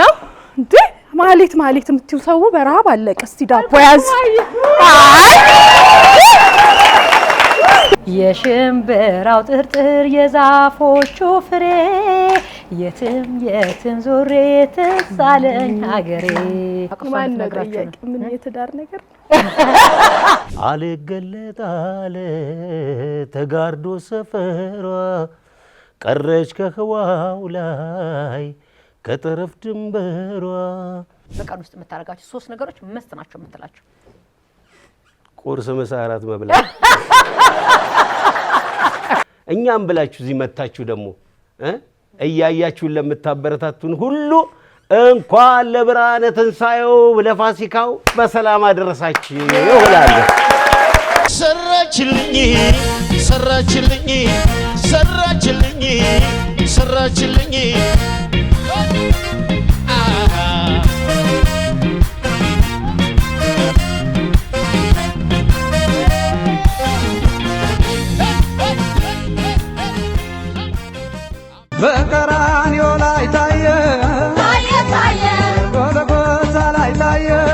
ነው እንዴ? ማሌት ማሌት የምትይው ሰው በረሃብ አለቀ። እስቲ ዳቦ ያዝ። የሽምብራው ጥርጥር የዛፎቹ ፍሬ የትም የትም ዞሬ ትዝ አለኝ ሀገሬ። ምን የትዳር ነገር አልገለጥ ተጋርዶ ሰፈሯ ቀረች ከህዋው ላይ ከጠረፍ ድንበሯ በቀን ውስጥ የምታደርጋቸው ሶስት ነገሮች መስት ናቸው የምትላቸው? ቁርስ፣ ምሳ፣ እራት መብላት። እኛም ብላችሁ እዚህ መታችሁ ደግሞ እያያችሁን ለምታበረታቱን ሁሉ እንኳን ለብርሃነ ትንሣኤው ለፋሲካው በሰላም አደረሳችሁ እላለሁ። ሰራችልኝ ሰራችልኝ ሰራችልኝ ሰራችልኝ caralho!